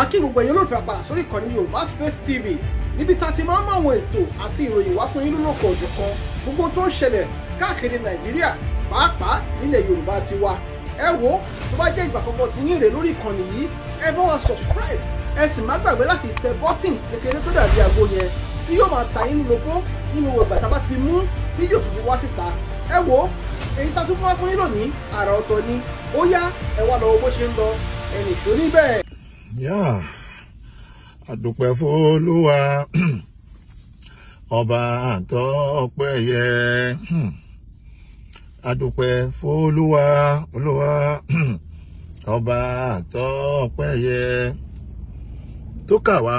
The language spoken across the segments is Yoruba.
akí gbogbo ẹ̀yin olóòfẹ́ àpàrà sórí ìkànnì yorùbá space tv níbi tá a ti máa ń mọ àwọn ètò àti ìròyìn wá fún yín lónà kan ọ̀jọ̀ kan gbogbo tó ń ṣẹlẹ̀ káàkiri nàìjíríà pàápàá nílẹ̀ yorùbá ti wa ẹ wo tó bá jẹ́ ìgbà kọ̀ọ̀kan tí yín rè lórí ìkànnì yìí ẹ bá wa subscribe ẹ sì má gbàgbé láti tẹ bọ́tìn kékeré tó dàbí àgbo yẹn tí yóò máa ta yín lóko nínú ìgbà tá a bá ti mú fídíò tuntun wá síta ẹ wo èyí tá a tún fún wa fún yín lónìí àrà ọ̀tọ̀ ni ó yá ẹ wá lọ owó ṣe ń lọ ẹnì tó ní bẹ́ẹ̀ yeah àdúpẹ́ f'Olúwa ọba àtọ́ ọpẹ́ yẹ àdúpẹ́ f'Olúwa Olúwa ọba àtọ́ ọpẹ́ yẹ tó kà wá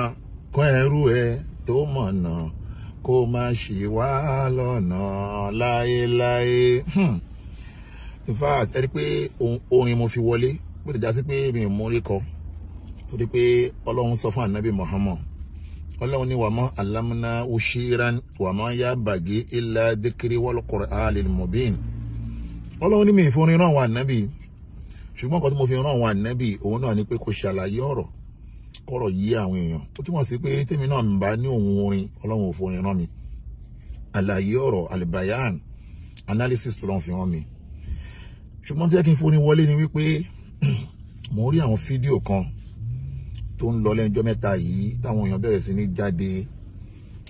kún ẹrú ẹ tó mọ̀nà kó má ṣì wá lọ́nà láéláé in fact ẹ rí i pé orin mo fi wọlé bó ti sí pé mi ò mórí kọ torí pé ọlọ́run sọ fún ànábì Muhammad ọlọ́run ní wàmọ́ alámúná oṣìírán wàmọ́ ya bàgé ilá dékiri wọ́lọ́kọ̀rọ̀ alìmọ̀bìn ọlọ́run ní mi ìfúnni ràn wọ́n ànábì ṣùgbọ́n kan tí mo fi ràn wọ́n ànábì òun náà ni pé kò ṣàlàyé ọ̀rọ̀ kọ̀rọ̀ yí àwọn èèyàn ó túmọ̀ sí pé tèmi náà ń bá ní òun orin ọlọ́run ò fúnni ràn mí àlàyé ọ̀rọ̀ alibayan analysis tó lọ́n fi ràn mí ṣùgbọ́n tí wọ́n ti kí n wọlé ni wípé mo rí àwọn fídíò kan tó ń lọ lẹ́nujọ́ mẹ́ta yìí táwọn èèyàn bẹ̀rẹ̀ sí ní jáde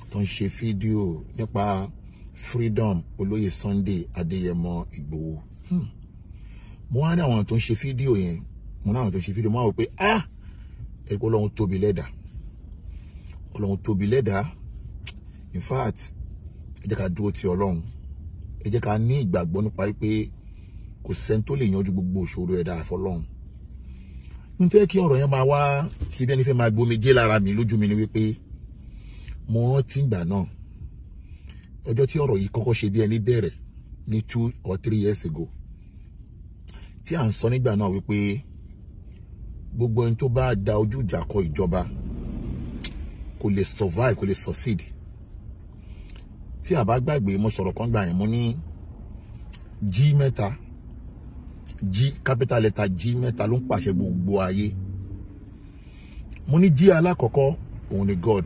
tó ń ṣe fídíò nípa freedom olóyè Sunday Adéyẹmọ Ìgbòho hmm. mo wá ní àwọn tó ń ṣe fídíò yẹn mo náwọn tó ń ṣe fídíò mo wá wò pé ah ẹgbẹ́ ọlọ́run tóbi lẹ́dà ọlọ́run tóbi lẹ́dà in fact ẹ jẹ́ ká dúró ti ọlọ́run ẹ jẹ́ ká ní ìgbàgbọ́ nípa wípé kò sẹ́ni tó lè yanjú gbogbo ìṣòro ẹ̀dá àfọlọ́run n fẹ́ kí ọ̀rọ̀ yẹn máa wá fi bí ẹni fẹ́ máa gbomi jẹ́ lára mi lójú mi ni wípé mo rántí ìgbà náà ọjọ́ tí ọ̀rọ̀ yìí kọ́kọ́ ṣe bí ẹni bẹ̀rẹ̀ ní two or three years ago tí à ń sọ nígbà náà wípé gbogbo ẹni tó bá da ojú ìjà kọ ìjọba kò lè survive kò lè succeed tí a bá gbàgbé mo sọ̀rọ̀ kan gbà yẹn mo ní jí mẹ́ta G capital letter G mẹ́ta ló ń pàṣẹ gbogbo ayé mo ní G alákọ̀ọ́kọ́ òun ni God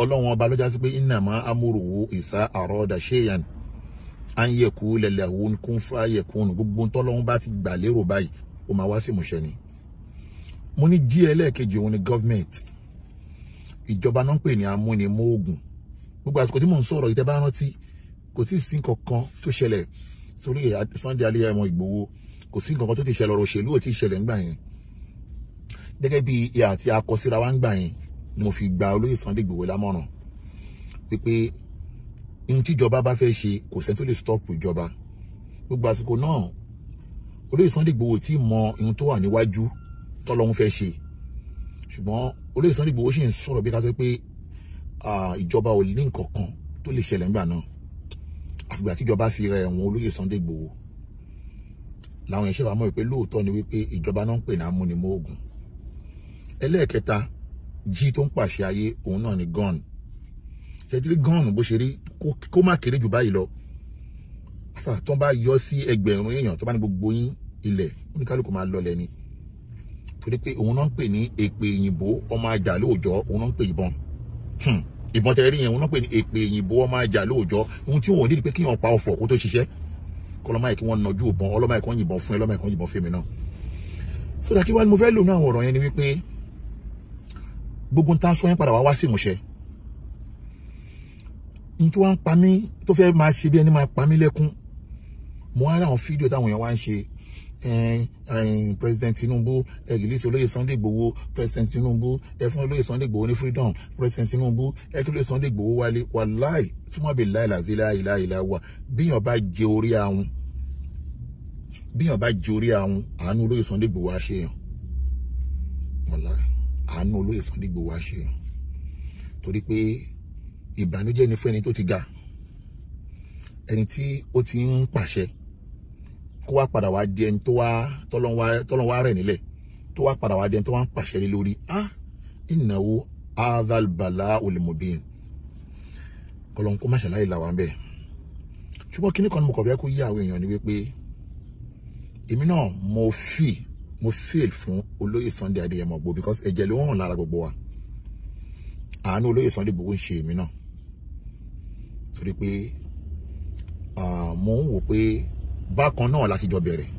ọlọ́run ọba ló já sí pé innama amruhu isa arada shay'an an yakula lahu kun fayakun gbogbo ntọ́lọ́run bá ti gbà lérò báyìí ó máa wá sí ìmúṣẹ ni mo ní G ẹlẹ́ẹ̀kejì òun ni government ìjọba náà ń pè ní amúnimóògùn gbogbo àsìkò tí mò ń sọ̀rọ̀ ìtẹ́ bá rántí kò tí ì sí nǹkan kan tó ṣẹlẹ̀ sórí Sunday Adéyẹmọ Ìgbòho kò sí nǹkan tó ti ṣẹlẹ̀ ọ̀rọ̀ òṣèlú ò ti ṣẹlẹ̀ ńgbà yẹn gẹ́gẹ́ bí ìyá àti akọ síra wa ńgbà yẹn ni mo fi gba olóyè Sunday Ìgbòho lámọ̀ràn wípé ohun tíjọba bá fẹ́ ṣe kò sẹ́ni tó lè stop ìjọba gbogbo àsìkò náà olóyè Sunday Ìgbòho tí mọ ohun tó wà níwájú tọ́lọ́hún fẹ́ ṣe ṣùgbọ́n olóyè Sunday Ìgbòho sì ń sọ̀rọ̀ bí ká sọ pé ìjọba ò ní nǹkan kan tó lè ṣẹlẹ̀ ńgbà náà ìgbà tíjọba fi rẹ ẹ̀wọ̀n olóyè Sunday Igboho làwọn ẹ̀ṣẹ́ wa mọ̀ pé lóòótọ́ ni wípé ìjọba náà ń pè ní amúnimóògùn ẹlẹ́ẹ̀kẹta jí tó ń pàṣẹ ayé òun náà ni gun ṣètìlí gun bó ṣe rí kó má kéré jù báyìí lọ afa tó ń bá yọ sí ẹgbẹ̀rún èèyàn tó bá ní gbogbo yín ilẹ̀ oníkálukú máa lọlẹ̀ ni torí pé òun náà ń pè ní èpè òyìnbó ọmọ ajá lóòjọ́ òun náà ń pè ìbọn. Hmm ìbọn tẹ rí yẹn wọn náà pè ní èpè òyìnbó wọn máa jà lóòjọ́ ohun tí wọn ò ní pé kíyàn pa ọ̀fọ̀ kó tó ṣiṣẹ́ kọlọmáì kí wọn nàjú ìbọn ọlọmáì kan yìnbọn fún ẹ ọlọmáì kan yìnbọn fèmí náà sódà kí wàá ní mo fẹ́ lò ní àwọn ọ̀rọ̀ yẹn ni wípé gbogbo ń tá sọ yẹn padà wá wá sí ìmúṣẹ n tó wá ń pa mí tó fẹ́ máa ṣe bí ẹni máa pa mí lẹ́kún mo wá ráwọn fídíò táwọn èèyàn wá ń ṣe president tinubu ẹ release sunday igboho president tinubu ẹ fún sunday igboho ní freedom president tinubu ẹ sunday igboho wálé wàláì túmọ̀ bíi láì làzí láì láì láwà bíyàn bá jẹ orí àwọn bíyàn bá jẹ orí àwọn àánú olóyè sunday igboho á ṣe yàn wàláì àánú olóyè sunday igboho á ṣe yàn torí pé ìbànújẹ́ ni fún ẹni tó ti ga ẹni tí ó ti ń pàṣẹ kó wá padà wá di ẹni tó wá tọ́lọ́n wá rẹ̀ nílẹ̀ tó wá padà wá di ẹni tó wá ń pàṣẹ lórí ah ìnáwó adalbala olùmọ̀bìn ọlọ́run kó má ṣàlàyé là wá ń bẹ̀ ṣùgbọ́n kíní kan ni mo kàn fẹ́ kó yí àwọn èèyàn ni wípé èmi náà mo fi mo fail fún olóyè Sunday Adéyẹmọ gbò because ẹ̀jẹ̀ ló hàn lára gbogbo wa àánú olóyè Sunday gbogbo ń ṣe èmi náà torí pé ah, mo ń wò pé bákan náà láti jọ bẹ̀rẹ̀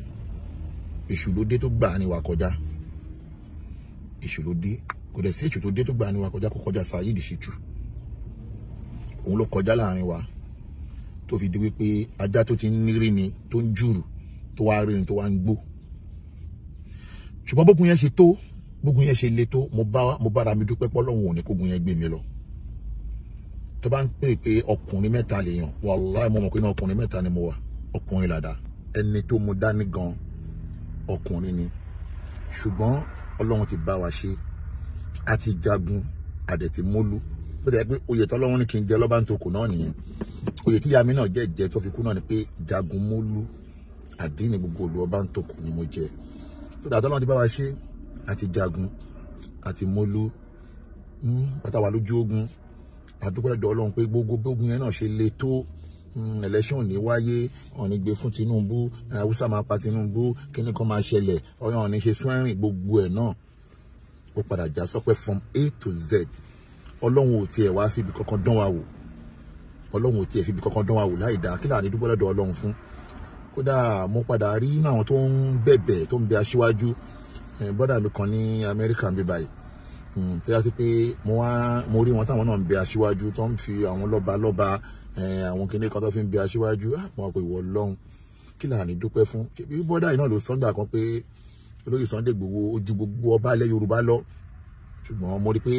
èṣù ló dé tó gbà ní wa kọjá èṣù ló dé kò dẹ̀ sí èṣù tó dé tó gbà ní wa kọjá kó kọjá Saheed Shittu òun ló kọjá láàrin wa tó fi di wípé ajá tó ti ń rí ni tó ń jùrù tó wá rí ni tó wá ń gbó ṣùgbọ́n bókun yẹn ṣe tó bókun yẹn ṣe le tó mo bára mi dúpẹ́ pé Ọlọ́run kógun yẹn gbé mi lọ tó bá ń pè pé ọkùnrin mẹ́ta lèèyàn wàláì mo mọ̀ pé ọkùnrin mẹ́ta ni mo wà ọkùnrin làdá ẹni tó mú dání gan ọkùnrin ni ṣùgbọ́n ọlọ́run ti bá wa ṣe a ti jagun àdẹ̀ ti mólú bó ti yẹ pé oyè tó ọlọ́run ní kí n jẹ lọ́ba ń tokò náà nìyẹn oyè tí yàmi náà jẹ́ jẹ́ tó fi kú náà ni pé jagun mólú àdínì gbogbo olú ọba ń tokò ni mo jẹ so dàtọ́ ọlọ́run ti bá wa ṣe a ti jagun a ti mólú pátá hmm, wa lójú ogun àdúgbò ẹ̀dọ̀ ọlọ́run pé gbogbo ogun yẹn náà ṣe le tó. Mm, election ò wáyé ọ̀ní gbé fún Tinubu eh, Hausa máa pa Tinubu kíní kan máa ṣẹlẹ̀ ọ̀yàn ọ̀ní ṣe swearing gbogbo ẹ̀ náà ó padà já sọpẹ́ from A to Z ọlọ́run ò tiẹ̀ wá síbi kankan dán wa wò ọlọ́run ò tiẹ̀ síbi kankan dán wa wò láì dáa kí ní dúpẹ́ lọ́dọ̀ fún kódà mo padà rí inú àwọn tó ń bẹ̀bẹ̀ tó ń bẹ aṣíwájú eh, bọ́dà mi kan ní Amẹ́ríkà ń bí báyìí hmm, tó yá sí pé mo rí wọn táwọn náà ń bẹ aṣíwájú tó ń fi àwọn lọ́ba lọ́ba àwọn kìnìún kan tó fi ń bi aṣíwájú àwọn ah, àpò ìwọ lọ́hùn kí là ní dúpẹ́ fún ṣebí bọ́dà yìí náà ló sọ́ngbà kan pé olóyè Sunday Igboho ojú gbogbo ọba ilẹ̀ Yorùbá lọ ṣùgbọ́n mo rí pé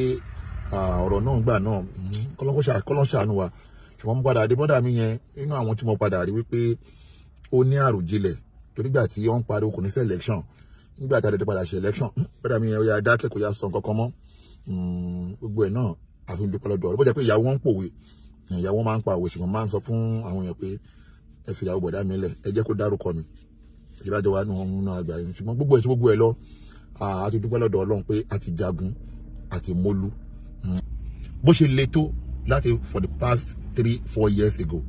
ọ̀rọ̀ náà gbà náà mm, kọ́lọ́ ṣàánú wa ṣùgbọ́n mo padà dé bọ́dà mi yẹn nínú àwọn tí mo padà rí wípé ó ní àròjinlẹ̀ torígbà tí wọ́n ń pariwo kò ní sí election nígbà tá a dẹ̀dẹ̀ padà ṣe election bọ́dà mi yẹn ó yà dákẹ́ kó yà sọ nǹkan kan mm, gbogbo ẹ̀ náà àfi dúpẹ́ lọ́dọ̀ ọ̀rọ̀ bó pé ìyàwó wọn ń pòwe ìyàwó máa ń pa òwe máa ń sọ fún àwọn èèyàn pé ẹ fi ìyàwó bọ̀dá mi lẹ̀ ẹ jẹ́ kó dárúkọ mi ìbájọ́ wa nù ọ̀hún àgbà yìí ṣùgbọ́n gbogbo ẹ̀ tí gbogbo ẹ̀ lọ àti dúpẹ́ lọ́dọ̀ Ọlọ́run pé a ti jagun a ti mólú hmm. bó ṣe le tó láti for the past three four years ago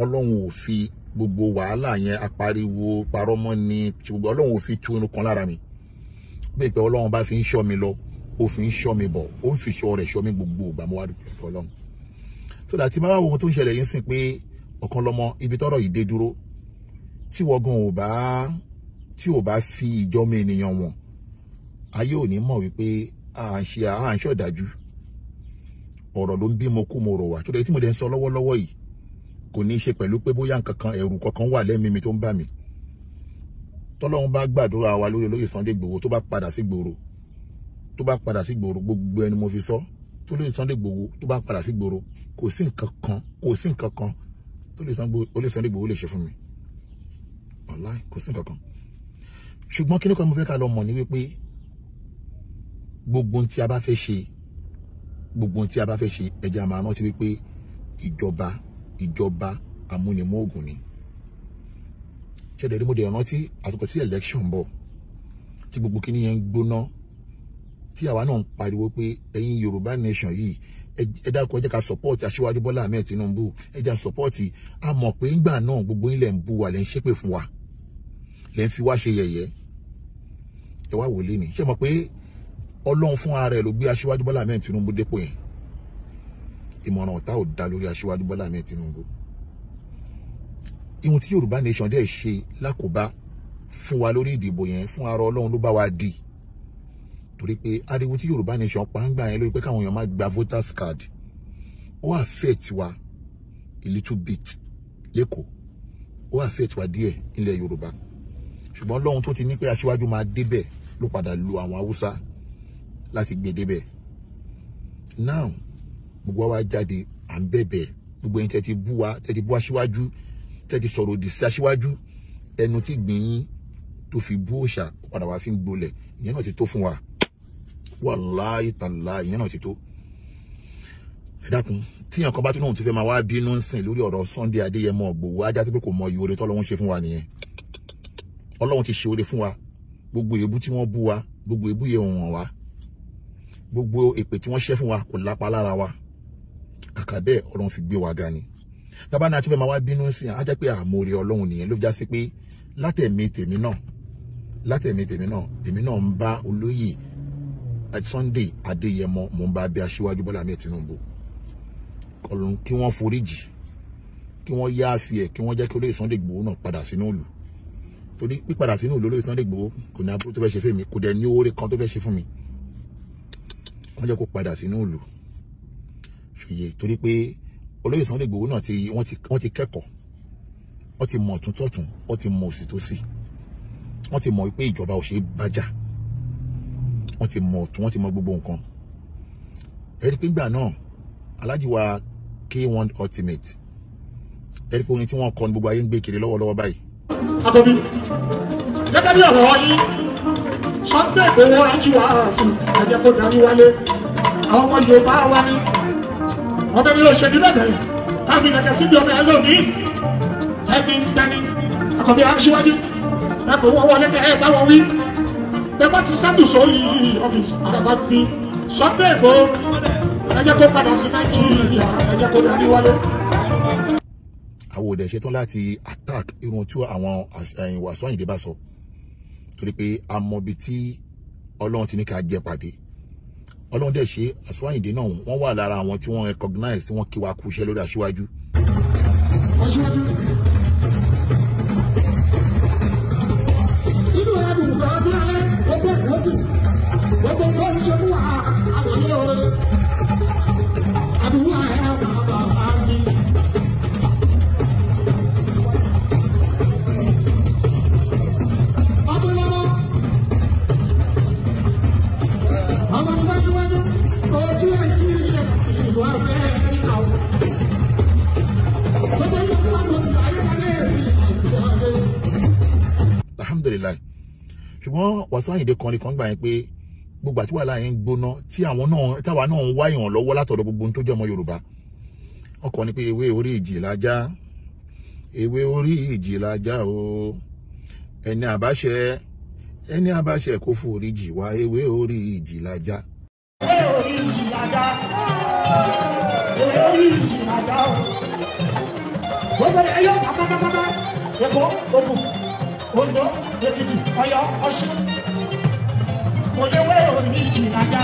Ọlọ́run ò fi gbogbo wàhálà yẹn apariwo parọ́mọ́ ni ṣùgbọ́n Ọlọ́run ò fi tú irun kan lára mi bẹ́ẹ̀ pé Ọlọ́run bá fi ń ṣọ́ mi lọ ó fi ń ṣọ́ mi bọ̀ ó ń fi ṣọ́ rẹ̀ ṣọ́ mi gbogbo ìgbà mo wá Ọlọ́run so that tí bá wà wo ohun tó ń ṣẹlẹ̀ yìí ń sìn pé ọ̀kan lọ́mọ ibi tọ́rọ̀ yìí dé dúró tí wọ́gán ò bá tí ò bá fi ìjọmọ ènìyàn wọn ayé ò ní mọ̀ wípé à ń ṣe à ń ṣọ̀dájú ọ̀rọ̀ ló ń bí mo kú mo rọ̀ wá tó dẹ̀ tí mo dẹ̀ ń sọ lọ́wọ́lọ́wọ́ yìí kò ní se ṣe pẹ̀lú pé bóyá nǹkan kan ẹ̀rù kankan wà lẹ́mìí mi tó ń bà mí tọ́lọ́run bá gbàdúrà wa lórí olóyè Sunday Igboho tó bá padà sí gbòòrò tó bá padà sí gbòòrò gbogbo ẹni mo fi sọ tó lè Sunday Igboho tó bá padà sí gbòòrò kò sí nǹkan kan kò sí nǹkan kan tó lè Sunday Igboho lè ṣe fún mi wàláì kò sí nǹkan kan ṣùgbọ́n kí ni kan mo fẹ́ ká lọ mọ̀ ní wípé gbogbo ohun tí a bá fẹ́ ṣe gbogbo ohun tí a bá fẹ́ ṣe ẹja máa rántí wípé ìjọba ìjọba amúnimóògùn ni ṣẹlẹ̀ rí mo dẹ̀ rántí àsìkò tí election bọ̀ tí gbogbo kíní yẹn ń gbóná tí àwa náà ń pariwo pé ẹ̀yin Yorùbá nation yìí ẹ dákun ẹ jẹ́ ká support Aṣíwájú Bọ́lá Ahmed Tinubu ẹ jẹ́ support a mọ̀ pé ńgbà náà gbogbo yín lẹ̀ ń bú wa lẹ̀ ń ṣépè fún wa lẹ̀ ń fi wá ṣe yẹ̀yẹ́ ẹ wá wò léni ṣé mọ̀ pé Ọlọ́run fún ara ẹ̀ ló gbé Aṣíwájú Bọ́lá Ahmed Tinubu dépò yẹn ìmọ̀ràn ọ̀tá ò dá lórí Aṣíwájú Bọ́lá Ahmed Tinubu ihun tí Yorùbá nation dẹ̀ ṣe lákòbá fún wa lórí ìdìbò yẹn fún ara Ọlọ́run ló bá wa di torí pé ariwo tí Yorùbá nation pa ń gbà yẹn lórí pé káwọn èèyàn má gba voters card ó affect wa a little bit lẹ́kọ̀ọ́ ó affect wa díẹ̀ nílẹ̀ Yorùbá ṣùgbọ́n lọ́hun tó ti ní pé aṣíwájú máa débẹ̀ ló padà lu àwọn Haúsá láti gbé débẹ̀ now gbogbo wa jáde à ń bẹ̀bẹ̀ gbogbo yín tẹ́tí bú wa tẹ́tí bú aṣíwájú tẹ́tí sọ̀rọ̀ òdì sí aṣíwájú ẹnu tí gbìyìn tó fi bú òòṣà padà wá fi ń gbolẹ̀ ìyẹn náà ti tó fún wa wàláì tàlá ìyẹn náà ti tó ẹ dákun tíyàn kan bá tún lóhun ti fẹ́ máa wá bínú ń sìn lórí ọ̀rọ̀ Sunday Adéyẹmọ Ìgbòho ajá sí pé kò mọ iye oore tọ́lọ́hún ṣe fún wa nìyẹn ọlọ́hun ti ṣe oore fún wa gbogbo èébú tí wọ́n bú wa gbogbo èébú yẹn ò hàn wa gbogbo èpè tí wọ́n ṣẹ́ fún wa kò lápá lára wa kàkà bẹ́ẹ̀ ọlọ́run fi gbé wa ga ni tábà náà ti fẹ́ máa wá bínú sí i á jẹ́ pé àmórí ọlọ́run nìyẹn ló já sí pé látẹ̀mí at Sunday Adéyẹmọ mò ń bá bí aṣíwájú Bọ́lá Ahmed Tinubu Ọlọ́run kí wọ́n foríjì kí wọ́n yá àfi ẹ̀ kí wọ́n jẹ́ kí olóyè Sunday Igboho náà padà sínú ìlú torí pípadà sínú ìlú olóyè Sunday Igboho kò ní aburú tó fẹ́ ṣe fún mi kò dẹ̀ ní oore kan tó fẹ́ ṣe fún mi wọ́n jẹ́ kó padà sínú ìlú ṣòye torí pé olóyè Sunday Igboho náà ti wọ́n ti kẹ́kọ̀ọ́ wọ́n ti mọ̀ tuntun wọ́n ti mọ̀ òsì tó sì wọ́n ti mọ̀ pé ìjọba ò ṣe é bájà wọ́n ti mọ̀ ọ̀tún wọ́n ti mọ̀ gbogbo nǹkan ẹ̀rí pé gbà náà Alhaji wa K1 Ultimate ẹ̀rí pé orin tí wọ́n kọ ní gbogbo ayé ń gbé kiri lọ́wọ́lọ́wọ́ báyìí. àtọ́bí gẹ́gẹ́ bí ọ̀rọ̀ yín Sunday Igboho ajíwá àṣìn ẹ̀jẹ̀ kó darí wálé àwọn ọmọ Yorùbá wa ni wọ́n bẹ̀rẹ̀ yóò ṣe ní bẹ̀rẹ̀ káàbí kẹ̀kẹ́ sí ìjọba ẹ̀ lónìí ẹ̀mí ń dání àkọ́bí aṣíwájú ẹ̀kọ́ wọ́n wọlé kẹ́ ẹ̀ bá wọn wí bẹ́ẹ̀ bá ti sátìsọ yìí ọ́fíìsì àgbà gbin sọ́tẹ̀ èkó ẹ jẹ́ kó padà sí nàìjíríà ẹ jẹ́ kó darí wálé. àwọn òde ṣetán láti attack irun tí àwọn Wasiu Ayinde bá sọ torí pé a mọ ibi tí ọlọ́run ti ní ká jẹ pàdé ọlọ́run dẹ̀ ṣe Wasiu Ayinde náà wọ́n wà lára àwọn tí wọ́n recognize tí wọ́n kí wa kú iṣẹ́ lórí aṣíwájú. aṣíwájú wọ́n Wasiu Ayinde kan nìkan gbà yẹn pé gbogbo àti wàhálà yẹn ń gbóná tí àwọn náà táwa náà ń wá ìrànlọ́wọ́ látọ̀dọ̀ gbogbo ohun tó jẹ́ ọmọ Yorùbá ọkọ ni pé ewé orí ìjì lájá ewé orí ìjì lájá o ẹni àbáṣẹ ẹni àbáṣẹ kò forí jì wá ewé orí ìjì lájá. ewé orí ìjì lájá ewé orí ìjì lájá o wọ́n gbọ́dọ̀ ẹyọ àpátápátá ẹ̀kọ́ ogun ondo èkìtì ọ̀yọ́ ọ̀ṣun kò léwé orí ìjìnàjà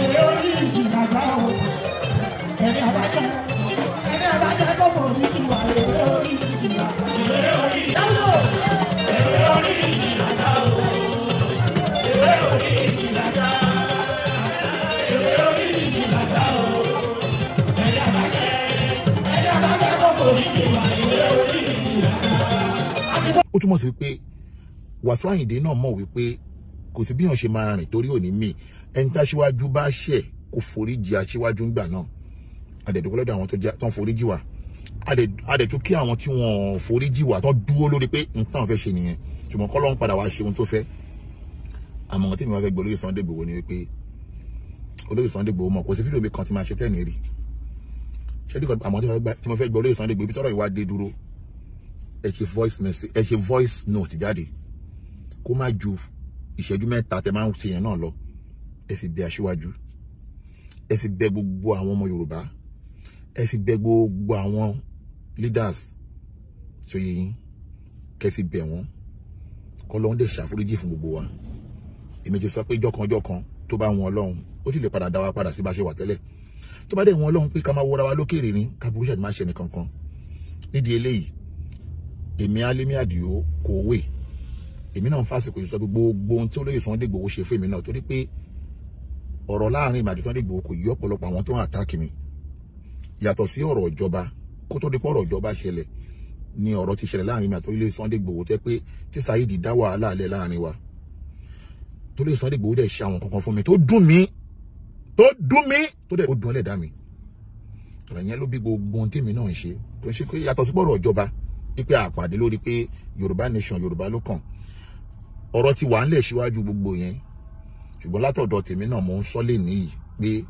èwé orí ìjìnàjà o ẹni àbáṣẹ ẹni àbáṣẹ tó mọ orí ìwà èwé túmọ̀ sí wípé Wàsíù Àyìndé náà mọ̀ wípé kò sí bí yàn ṣe máa rìn torí òní mi ẹni tá aṣíwájú bá ṣẹ̀ kó foríjì aṣíwájú ńgbà náà àdẹ̀dùkọ́ lọ́dọ̀ àwọn tó ń foríjì wá àdẹ̀tún kí àwọn tí wọ́n foríjì wá tó dúró lórí pé nǹkan àwọn fẹ́ ṣe nìyẹn ṣùgbọ́n kọ́ ló ń padà wá ṣe ohun tó fẹ́ àmọ́ tí mi wá fẹ́ gbọ́ lórí Sunday Igboho ni wípé olóyè Sunday Igboho mọ̀ kò sí fídíò mi kan tí máa ṣe tẹ́ẹ̀nì rí ṣé àmọ́ tí mo fẹ́ gbọ́ lórí Sunday Igboho ibi tọ́rọ̀ ìwà dé dúró ẹ voice message ẹ voice note jáde kó má ju ìṣẹ́jú mẹ́ta tẹ máa ń ṣe yẹn náà lọ ẹ fi bẹ aṣíwájú ẹ fi bẹ gbogbo àwọn ọmọ Yorùbá ẹ fi bẹ gbogbo àwọn leaders tó yẹ yín kẹ fi bẹ wọn kọlọ́n dẹ̀ ṣàforíjì fún gbogbo wa èmi ti sọ pé jọkanjọ kan tó bá wọn Ọlọ́run ó sì lè padà dá wa padà sí bá a ṣe wà tẹ́lẹ̀ tó bá dẹ̀ wọn Ọlọ́run pé ká máa wọra wa lókèrè ní ká burúkú ṣàdúmá nìkan kan nídìí eléyìí èmi Alimi Adio kò wé èmi náà ń fàsìkò yìí sọ pé gbogbo ohun tí olóyè Sunday Igboho ṣe fún èmi náà torí pé ọ̀rọ̀ láàrin ìmàdí Sunday Igboho kò yí ọ̀pọ̀lọpọ̀ àwọn tó ń àtàkì mi yàtọ̀ sí ọ̀rọ̀ ìjọba kó tó di pé ọ̀rọ̀ ìjọba ṣẹlẹ̀ ni ọ̀rọ̀ ti ṣẹlẹ̀ láàrin mi àti olóyè Sunday Igboho tẹ́ pé tí Saheed dá wàhálà alẹ́ láàrin wa torí Sunday Igboho dẹ̀ ṣe àwọn kankan fún mi tó dùn mí tó dùn mí tó dẹ̀ ó dùn ẹlẹ́dàá mi ọ̀rọ̀ yẹn ló bí gbogbo ohun tèmi náà ń ṣe tó wípé àpàdé lórí pé yorùbá nation yorùbá ló kàn ọ̀rọ̀ ti wà ńlẹ̀ síwájú gbogbo yẹn ṣùgbọ́n látọ̀dọ̀ tèmi náà mo ń sọ lè níyì pé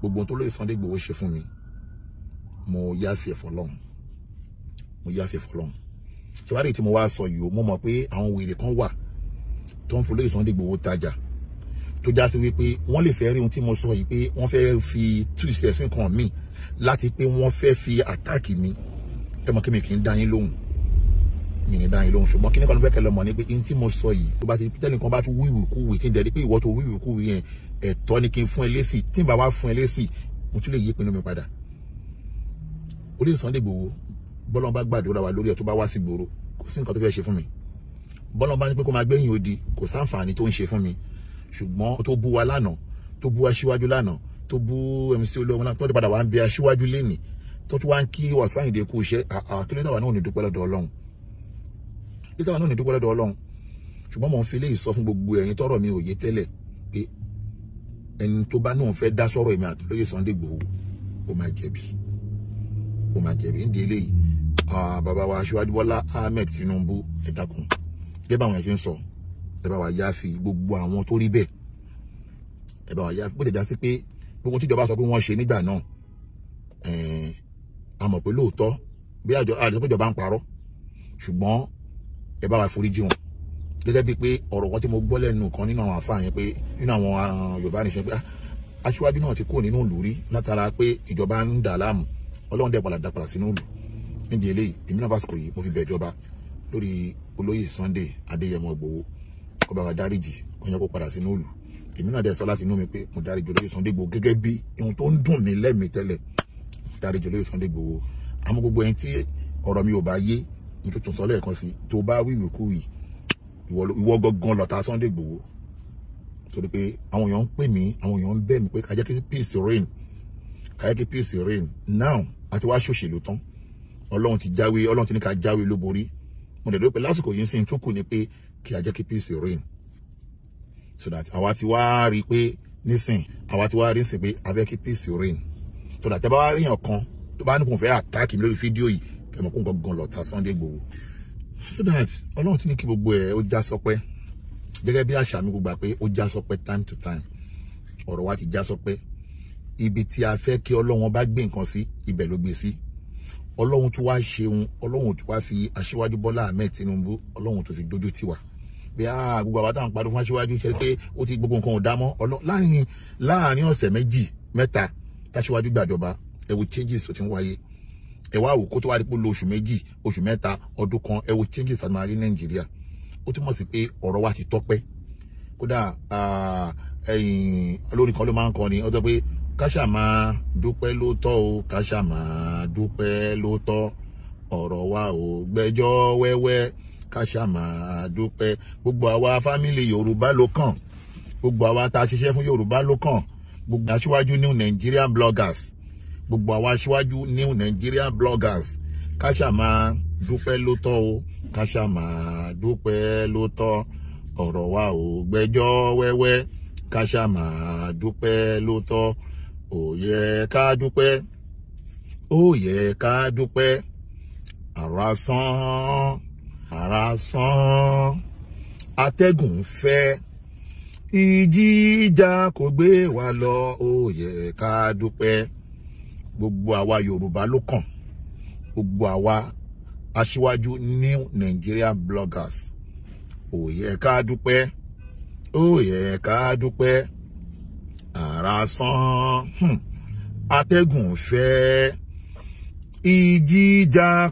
gbogbo tó lóye Sunday Igboho ṣe fún mi mo yáfẹ́ fọlọ́run mo yáfẹ́ fọlọ́run ṣèwádìí tí mo wá sọ yìí o mo mọ̀ pé àwọn wèrè kan wà tó ń folóye Sunday Igboho tajà tó já sí wípé wọ́n lè fẹ́ rí ohun tí mo sọ yìí pé wọ́n fẹ́ fi tú ìṣẹ̀sìn kan mi láti pé wọ́n fẹ́ fi àtáàkì mi tẹmọ kí mi kì í dá yín lóhùn mi ní dá yín lóhùn ṣùgbọ́n kí ní kan fẹ́ kẹlẹ́ mọ̀ ni pé n tí mo sọ yìí tó bá ti tẹ́nìkan bá tún wíwì kú wì tí ń dẹ̀rí pé ìwọ tó wíwì kú wì yẹn ẹ̀tọ́ ni kí n fún ẹ lésì tí n bá wá fún ẹ lésì mo tún lè yí ìpinnu mi padà orí Sunday Igboho bọ́lọ́n bá gbàdúrà wà lórí ẹ̀ tó bá wá sí gbòòrò kò sí nǹkan tó fẹ́ ṣe fún mi bọ́lọ́n bá ní pé kó máa gbẹ̀yìn odi kò sáǹfààní tó ń ṣe fún mi ṣùgbọ́n tó bú wa lánàá tó bú aṣíwájú lánàá tó bú MC Olúọmọ náà tó ti padà wá ń bẹ aṣíwájú lénìí tó tún wá ń kí Wasiu Ayinde kú iṣẹ́ kí ló dáwà náà ní dúpẹ́ lọ́dọ̀ Ọlọ́run kí ló dáwà náà ní dúpẹ́ lọ́dọ̀ Ọlọ́run ṣùgbọ́n mò ń fi eléyìí sọ fún gbogbo ẹ̀yin tọ́rọ̀ mi ò yé tẹ́lẹ̀ pé ẹni tó bá náà fẹ́ dá sọ̀rọ̀ èmi àti lóye Sunday Igboho ó máa jẹ̀bi ó máa jẹ̀bi ń di eléyìí bàbá wa aṣíwájú Bọ́lá Ahmed Tinubu ẹ dákun gẹ́gẹ́ báwọn ẹ̀ṣin sọ ẹ bá wa yááfi gbogbo àwọn tó rí bẹ́ẹ̀ ẹ bá wa yááfi bó tẹ̀ já sí pé gbogbo tíjọba sọ pé wọ́n ṣe nígbà náà a mọ̀ pé lóòótọ́ bí àjọ àdìsọ́pẹ̀jọba ń parọ́ ṣùgbọ́n ẹ bá wa foríjì wọn gẹ́gẹ́ bíi pé ọ̀rọ̀ kan tí mo gbọ́ lẹ́nu kan nínú àwọn àfáà yẹn pé nínú àwọn ah, Yorùbá nìṣẹ́ pé ah, aṣíwájú náà ti kúrò nínú ìlú rí látara pé ìjọba ń dà láàmú ọlọ́run dẹ̀ padà dàpadà sínú ìlú nídìí eléyìí èmi náà fásitì yìí mo fi bẹ̀ ìjọba lórí olóyè Sunday Adéyẹmọ Ìgbòho kó wa dáríjì kó yẹ kó padà sínú ìlú èmi náà dẹ̀ sọ láti inú mi pé mo dáríjì olóyè Sunday Ìgbòho gẹ́gẹ́ bí ohun tó ń dùn mí lẹ́mìí tẹ́lẹ̀ dáríjì olóyè Sunday Igboho àmọ́ gbogbo ẹni tí ọ̀rọ̀ mi ò bá yé mo tuntun sọ lẹ́ẹ̀kan sí tó bá wíwì kú yìí ìwọ gangan lọ̀tá Sunday Igboho torí pé àwọn èèyàn ń pè mí àwọn èèyàn ń bẹ̀ mí pé kájẹ́ kí peace reign kájẹ́ kí peace reign now àti wá ṣòṣèlú tán ọlọ́run ti jáwé ọlọ́run ti ní ká jáwé ló mo dẹ̀ ló pé lásìkò yìí ń sìn tó ni pé kí a jẹ́ kí peace reign so that àwa ti wá rí i pé nísìn ti wá rí i sìn a fẹ́ kí peace reign tó dàtẹ́ bá wá ríyàn kan tó bá ní kò fẹ́ àtáàkì mi lórí fídíò yìí kẹmọ kó gangan lọ́ta Sunday Igboho so that ọlọ́run ti ní kí gbogbo ẹ̀ ó já sọpẹ́ gẹ́gẹ́ bí àṣà mi gbogbo pé ó já sọpẹ́ time to time ọ̀rọ̀ wa ti já sọpẹ́ ibi tí a fẹ́ kí ọlọ́run bá gbé nǹkan sí ibẹ̀ ló gbé sí ọlọ́run tó wá ṣeun ọlọ́run tó wá fi aṣíwájú Bọ́lá Ahmed Tinubu ọlọ́run tó fi dójú tì wá pé ah, gbogbo àwọn táwọn pariwo fún aṣíwájú ṣe pé ó ti gbogbo nǹkan ò dá mọ́ láàrin ọ̀sẹ̀ méjì mẹ́ta táṣíwájú gbàjọba ẹ wo changes tó ti ń wáyé ẹ wá wò kó tó wá rí pé lo oṣù méjì oṣù mẹ́ta ọdún kan ẹ wo changes àti máa rí nàìjíríà ó túmọ̀ sí pé ọ̀rọ̀ wa ti tọ́pẹ́ kódà olórin kan ló máa ń kọrin ó sọ pé káṣà máa dúpẹ́ lóòótọ́ o káṣà máa dúpẹ́ lóòótọ́ ọ̀rọ̀ wa ò gbẹ́jọ́ wẹ́wẹ́ káṣà máa dúpẹ́ gbogbo àwa fámìlì yorùbá ló kàn gbogbo àwa tá a ṣiṣẹ́ fún yorùbá ló gbogbo aṣíwájú new Nigerian bloggers gbogbo àwọn aṣíwájú new Nigerian bloggers káṣà máa dúpẹ́ lótọ́ o káṣà máa dúpẹ́ lótọ́ ọ̀rọ̀ wa ò gbẹ́jọ́ wẹ́wẹ́ káṣà máa dúpẹ́ lótọ́ ó yẹ ká dúpẹ́ ó yẹ ká dúpẹ́ àrà sán àrà sán atẹ́gùn fẹ́. ìjìjà kò gbé wa lọ ó ká dúpẹ́ gbogbo àwa Yorùbá ló kàn gbogbo àwa aṣíwájú new Nigerian bloggers ó yẹ ká dúpẹ́ ó yẹ ká dúpẹ́ ara sán hmm. atẹ́gùn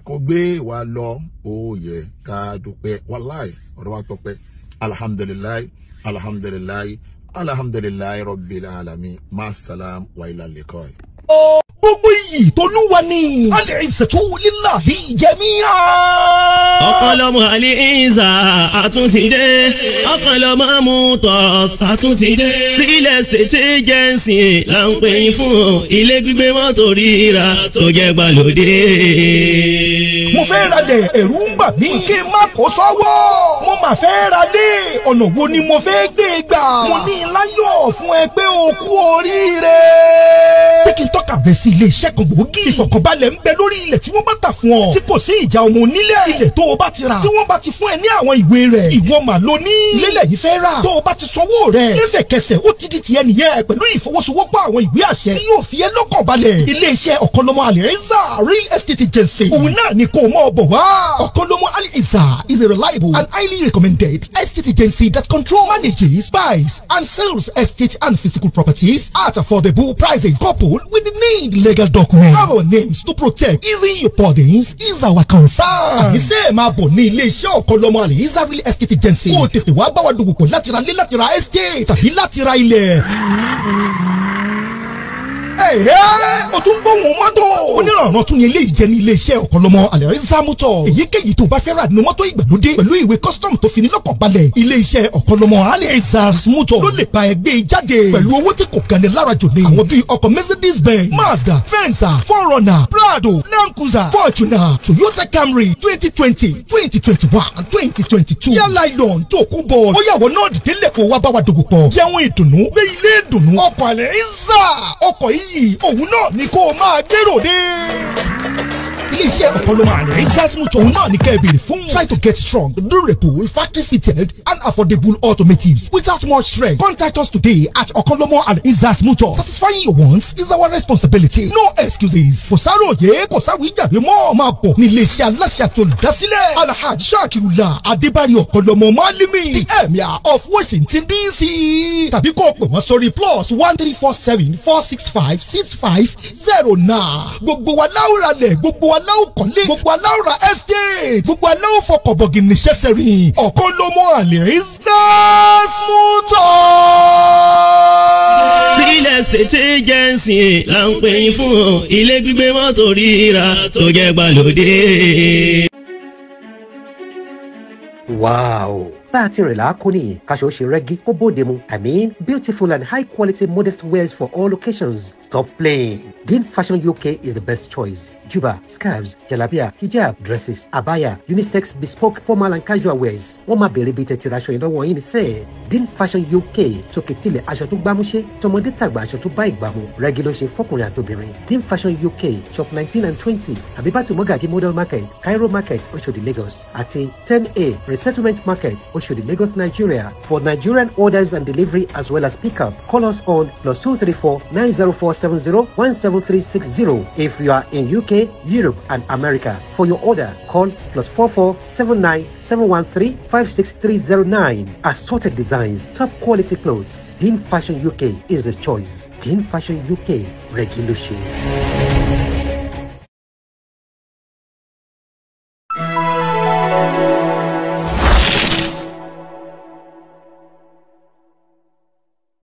kò gbé wa lọ ó yẹ ká dúpẹ́ wàláì ọ̀rọ̀ wa tọpẹ́ alihamudulilayi. الحمد لله الحمد لله رب العالمين مع السلام والى اللقاء gbogbo iyì tolúwa ni. alẹ́ ìṣètò lílà ìjẹmíà. ọ̀pọ̀lọmọ alẹ́ ìṣà àtúntì dé ọ̀pọ̀lọmọ amútọ̀ àtúntì dé real estate agency là ń pè yín fún ilé gbígbé mọ́tò rírà tó jẹ́ gbàlódé. mo fẹ́ ra dẹ̀ ẹ̀rù ń bà mí kí n má kó sọ́wọ́ mo mà fẹ́ ra dé ọ̀nà wo ni mo fẹ́ gbé gbà mo ní láyọ̀ fún ẹ pé oríire. pé kí n tọ́ka bẹ́ẹ̀ sí i iléeṣẹ́ kan gbòógì. ìfọ̀kànbalẹ̀ ń bẹ lórí ilẹ̀ tí wọ́n bá tà fún ọ. tí kò sí ìjà ọmọ onílẹ̀. ilẹ̀ tó o bá ti rà. tí wọ́n bá ti fún ẹ ní àwọn ìwé rẹ̀. ìwọ mà ló ní. lélẹ̀ yìí fẹ́ rà. tó o bá ti sanwó rẹ̀. lẹ́sẹ̀kẹsẹ̀ ó ti di tiẹ̀ nìyẹn pẹ̀lú ìfọwọ́sowọ́pọ̀ àwọn ìwé àṣẹ. tí yóò fi ẹ́ lọ́kàn balẹ̀. iléeṣẹ́ real estate agency. òun náà ni kó o mọ̀ bọ̀ is reliable and highly recommended estate agency that control manages buys and sells estate and physical properties at affordable prices coupled with the need legal documents. Our names to protect easy importance is our concern. Àníṣe máa bọ̀ ní ilé-iṣẹ́ ọ̀kọ́lọ́mọ àlè Israeli Estate Agency. Kó o tètè wá bá wa dòwòpọ̀ láti ra ilé láti ra estate tàbí láti ra ilẹ̀ ẹ̀hẹ́ o tún gbóhùn mọ́tò. onírànà tún ni eléyìí jẹ́ ní iléeṣẹ́ ọ̀kọ́lọ́mọ Alẹ́rísà mọ́tò. èyíkéyìí tó bá fẹ́ rà nínú mọ́tò ìgbàlódé pẹ̀lú ìwé custom tó fi ní lọ́kàn balẹ̀ iléeṣẹ́ ọ̀kọ́lọ́mọ Alẹ́rísà mọ́tò ló lè bá ẹ gbé e jáde pẹ̀lú owó tí kò gani lára jò ní. àwọn bíi ọkọ̀ Mercedes Benz Mazda Fenza Forerunner Prado Land Cruiser Fortuner Toyota Camry twenty twenty twenty twenty one twenty twenty two yálà ìlọ̀n tó kú bọ̀ ó yàwọ̀ náà dìde lẹ́kọ̀ọ́ wá bá wa yìí òun náà ni kó o máa gbèrò dé iléeṣẹ́ ọpọlọ máa ní. Motor òun náà ní kẹ́bìrì fún. Try to get strong, durable, factory fitted and affordable automotives without much strength, Contact us today at Okolomo and Isas Motor. Satisfying your wants is our responsibility. No excuses. Kò sáré òye kò sáwìí jàre mọ́ máa bọ̀ ní iléeṣẹ́ aláṣẹ àtolùdásílẹ̀. Alhaji Shakirula Adébárí Okolomo Malimi. The Emir of Washington DC. Tàbí kò pè wọ́n sórí plus one three four seven four six five six five zero nine. Gbogbo wa láwùralẹ̀ gbogbo wa aláwọ̀ kọ́lé gbogbo aláwọ̀ estate gbogbo aláwọ̀ fọkọ̀ bọ̀gìnì ṣẹ̀ṣẹ̀ rìn ló mọ àlè Islas Motors. real estate agency là ń pè yín fún ilé gbígbé mọ́tò rírà tó jẹ́ gbàlódé. Wow bá a ti rìn láàkó nìyí kaṣọ ṣe rẹ́gí kó bóde mu i mean beautiful and high quality modest wears for all locations. stop playing dean fashion uk is the best choice juba, scarves, jalabia, hijab, dresses, abaya, unisex, bespoke, formal and casual wears. Wọ́n máa bèrè ibi tẹ̀tì aṣọ ìdánwò yín ní sẹ́ẹ̀. Dean Fashion UK tókè tilẹ̀ aṣọ tó gbámúṣé tọmọdé tàgbà aṣọ tó bá ìgbà mu rẹ́gí ṣe fọkùnrin àtobìnrin. Dean Fashion UK shop nineteen and twenty Abibatu Mogaji Model Market Cairo Market Oshodi Lagos àti ten A Resettlement Market Oshodi Lagos Nigeria. For Nigerian orders and delivery as well as pickup call us on plus two three four nine zero four seven zero one seven three six zero if you are in UK Europe, and America. For your order, call plus 56309. Assorted designs, top quality clothes. Dean Fashion UK is the choice. Dean Fashion UK, regulation.